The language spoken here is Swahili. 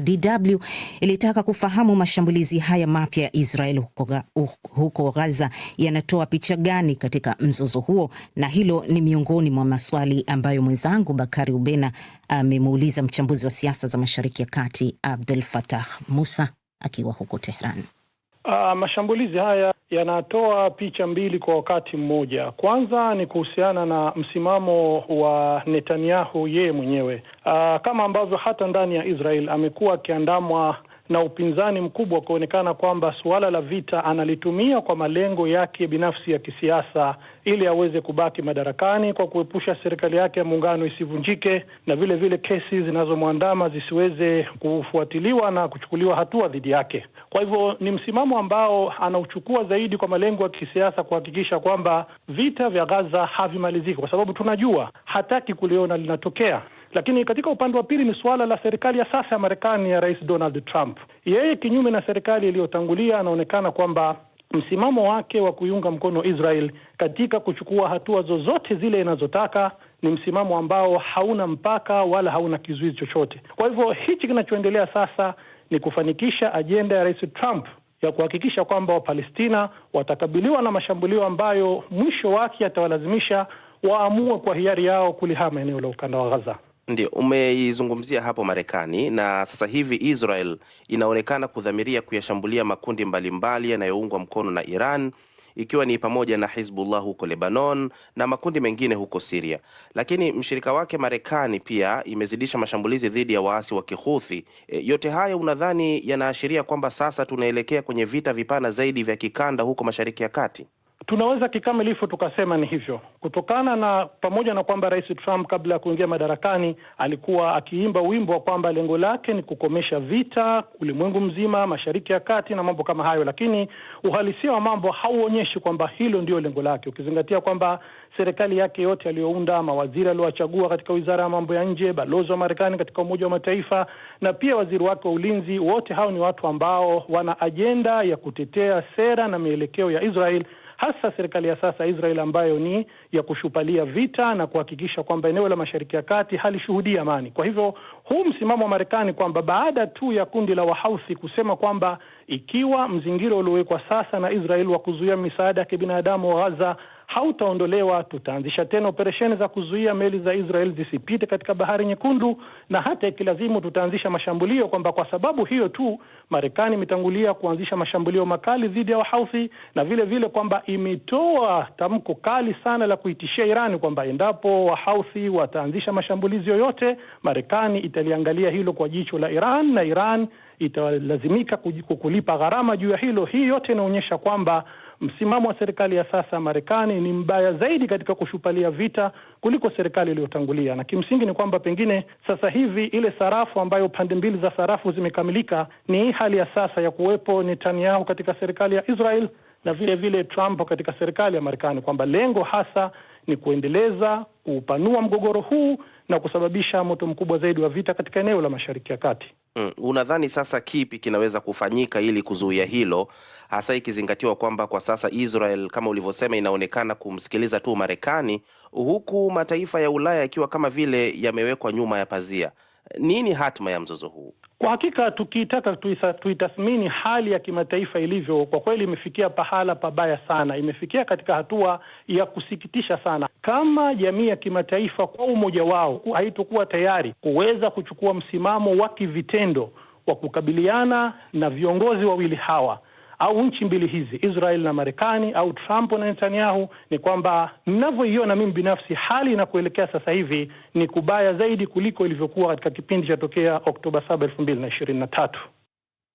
DW ilitaka kufahamu mashambulizi haya mapya ya Israel huko, huko Gaza yanatoa picha gani katika mzozo huo, na hilo ni miongoni mwa maswali ambayo mwenzangu Bakari Ubena amemuuliza mchambuzi wa siasa za Mashariki ya Kati Abdul Fatah Musa akiwa huko Tehran. Uh, mashambulizi haya yanatoa picha mbili kwa wakati mmoja. Kwanza ni kuhusiana na msimamo wa Netanyahu yeye mwenyewe, uh, kama ambavyo hata ndani ya Israel amekuwa akiandamwa na upinzani mkubwa kuonekana kwamba suala la vita analitumia kwa malengo yake binafsi ya kisiasa ili aweze kubaki madarakani kwa kuepusha serikali yake ya muungano isivunjike na vile vile kesi zinazomwandama zisiweze kufuatiliwa na kuchukuliwa hatua dhidi yake. Kwa hivyo ni msimamo ambao anauchukua zaidi kwa malengo ya kisiasa, kuhakikisha kwamba vita vya Gaza havimaliziki, kwa sababu tunajua hataki kuliona linatokea. Lakini katika upande wa pili ni suala la serikali ya sasa ya Marekani ya Rais Donald Trump. Yeye kinyume na serikali iliyotangulia, anaonekana kwamba msimamo wake wa kuiunga mkono Israel katika kuchukua hatua zozote zile inazotaka ni msimamo ambao hauna mpaka wala hauna kizuizi chochote. Kwa hivyo hichi kinachoendelea sasa ni kufanikisha ajenda ya Rais Trump ya kuhakikisha kwamba Wapalestina watakabiliwa na mashambulio ambayo mwisho wake yatawalazimisha waamue kwa hiari yao kulihama eneo la ukanda wa Gaza. Ndio, umeizungumzia hapo Marekani na sasa hivi Israel inaonekana kudhamiria kuyashambulia makundi mbalimbali yanayoungwa mkono na Iran ikiwa ni pamoja na Hizbullah huko Lebanon na makundi mengine huko siria Lakini mshirika wake Marekani pia imezidisha mashambulizi dhidi ya waasi wa kihuthi E, yote haya unadhani yanaashiria kwamba sasa tunaelekea kwenye vita vipana zaidi vya kikanda huko Mashariki ya Kati? tunaweza kikamilifu tukasema ni hivyo, kutokana na pamoja na kwamba Rais Trump kabla ya kuingia madarakani alikuwa akiimba wimbo wa kwamba lengo lake ni kukomesha vita ulimwengu mzima, Mashariki ya Kati na mambo kama hayo, lakini uhalisia wa mambo hauonyeshi kwamba hilo ndio lengo lake, ukizingatia kwamba serikali yake yote aliyounda, mawaziri aliowachagua katika wizara ya mambo ya nje, balozi wa Marekani katika Umoja wa Mataifa na pia waziri wake wa ulinzi, wote hao ni watu ambao wana ajenda ya kutetea sera na mielekeo ya Israel hasa serikali ya sasa Israel ambayo ni ya kushupalia vita na kuhakikisha kwamba eneo la Mashariki ya Kati halishuhudii amani. Kwa hivyo huu msimamo wa Marekani kwamba baada tu ya kundi la Wahausi kusema kwamba ikiwa mzingiro uliowekwa sasa na Israel wa kuzuia misaada ya kibinadamu wa Gaza hautaondolewa, tutaanzisha tena operesheni za kuzuia meli za Israel zisipite katika bahari nyekundu, na hata ikilazimu tutaanzisha mashambulio, kwamba kwa sababu hiyo tu Marekani imetangulia kuanzisha mashambulio makali dhidi ya wahauthi na vile vile kwamba imetoa tamko kali sana la kuitishia Irani kwamba endapo Wahouthi wataanzisha mashambulizi yoyote, Marekani italiangalia hilo kwa jicho la Iran na Iran italazimika kulipa gharama juu ya hilo. Hii yote inaonyesha kwamba msimamo wa serikali ya sasa ya Marekani ni mbaya zaidi katika kushupalia vita kuliko serikali iliyotangulia, na kimsingi ni kwamba pengine sasa hivi ile sarafu ambayo pande mbili za sarafu zimekamilika ni hali ya sasa ya kuwepo Netanyahu katika serikali ya Israel na vile vile Trump katika serikali ya Marekani, kwamba lengo hasa ni kuendeleza kuupanua mgogoro huu na kusababisha moto mkubwa zaidi wa vita katika eneo la Mashariki ya Kati. Mm. Unadhani sasa kipi kinaweza kufanyika ili kuzuia hilo hasa ikizingatiwa kwamba kwa sasa Israel kama ulivyosema inaonekana kumsikiliza tu Marekani huku mataifa ya Ulaya yakiwa kama vile yamewekwa nyuma ya pazia. Nini hatima ya mzozo huu? Kwa hakika tukitaka tuitathmini hali ya kimataifa ilivyo, kwa kweli imefikia pahala pabaya sana, imefikia katika hatua ya kusikitisha sana. Kama jamii ya kimataifa kwa umoja wao haitokuwa tayari kuweza kuchukua msimamo wa kivitendo wa kukabiliana na viongozi wawili hawa au nchi mbili hizi Israel na Marekani au Trump na Netanyahu ni kwamba ninavyoiona mimi binafsi, hali inakuelekea sasa hivi ni kubaya zaidi kuliko ilivyokuwa katika kipindi cha tokea Oktoba 7, 2023.